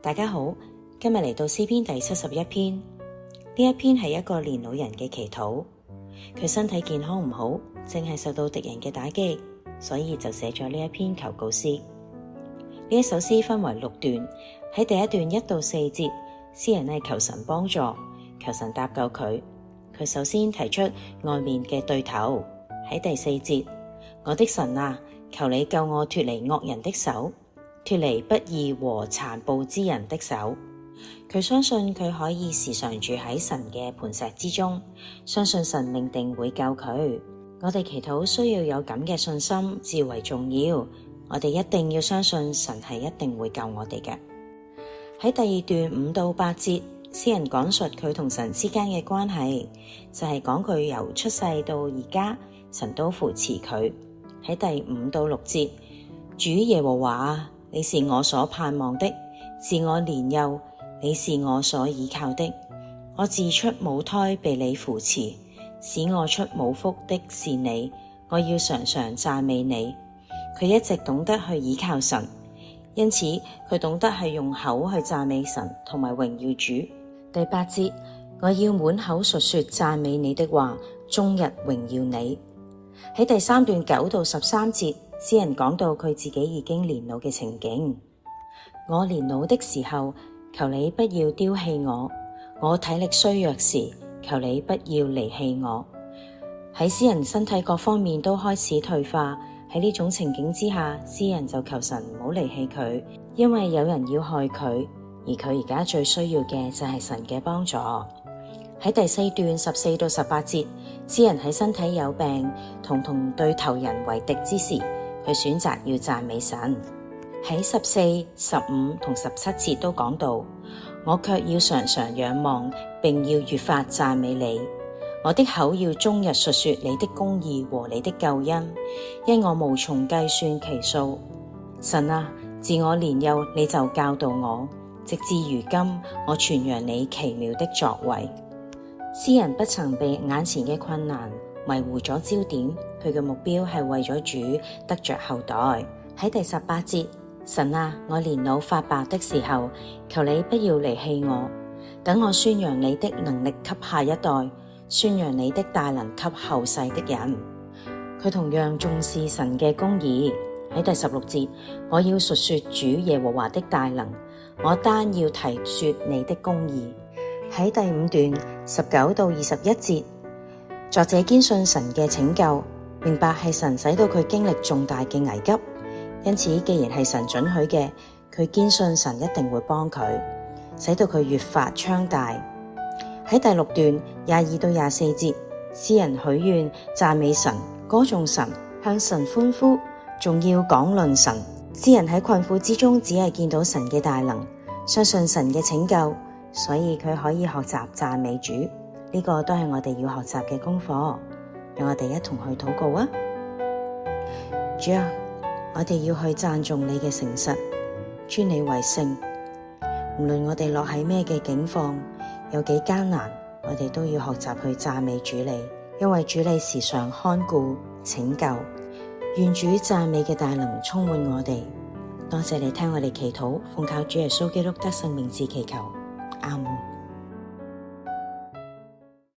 大家好，今日嚟到詩篇第七十一篇，呢一篇係一個年老人嘅祈禱，佢身體健康唔好，正係受到敵人嘅打擊，所以就寫咗呢一篇求告詩。呢一首詩分為六段，喺第一段一到四節，詩人係求神幫助，求神搭救佢。佢首先提出外面嘅對頭，喺第四節，我的神啊，求你救我脫離惡人的手。脫離不義和殘暴之人的手，佢相信佢可以時常住喺神嘅磐石之中，相信神命定會救佢。我哋祈禱需要有咁嘅信心至為重要。我哋一定要相信神係一定會救我哋嘅。喺第二段五到八節，詩人講述佢同神之間嘅關係，就係講佢由出世到而家，神都扶持佢。喺第五到六節，主耶和華。你是我所盼望的，是我年幼，你是我所倚靠的。我自出母胎被你扶持，使我出母腹的是你。我要常常讚美你。佢一直懂得去倚靠神，因此佢懂得係用口去讚美神同埋榮耀主。第八節，我要滿口述說讚美你的話，終日榮耀你。喺第三段九到十三節，詩人講到佢自己已經年老嘅情景，我年老嘅時候，求你不要丟棄我；我體力衰弱時，求你不要離棄我。喺，詩人身體各方面都開始退化，喺呢種情景之下，詩人就求神唔好離棄佢，因為有人要害佢，而佢而家最需要嘅就係神嘅幫助。喺第四段十四到十八節，詩人喺身體有病，同同對頭人為敵之時。佢選擇要讚美神，喺十四、十五同十七節都講到，我卻要常常仰望，並要越發讚美你。我的口要終日述說你的公義和你的救恩，因我無從計算其數。神啊，自我年幼你就教導我，直至如今，我傳揚你奇妙的作為。詩人不曾被眼前嘅困難。維護咗焦點，佢嘅目標係為咗主得着後代。喺第十八節，神啊，我年老發白的時候，求你不要離棄我，等我宣揚你的能力給下一代，宣揚你的大能給後世的人。佢同樣重視神嘅公義。喺第十六節，我要述說主耶和華的大能，我單要提說你的公義。喺第五段十九到二十一節。作者堅信神嘅拯救，明白係神使到佢經歷重大嘅危急。因此既然係神准許嘅，佢堅信神一定會幫佢，使到佢越發昌大。喺第六段廿二到廿四節，詩人許願、讚美神、歌頌神、向神歡呼，仲要講論神。詩人喺困苦之中，只係見到神嘅大能，相信神嘅拯救，所以佢可以學習讚美主。呢個都係我哋要學習嘅功課，讓我哋一同去禱告啊！主啊，我哋要去讚頌你嘅誠實，尊你為聖。無論我哋落喺咩嘅境況，有幾艱難，我哋都要學習去讚美主你，因為主你時常看顧拯救。願主讚美嘅大能充滿我哋。多謝你聽我哋祈禱，奉靠主耶穌基督得勝名字祈求，阿門。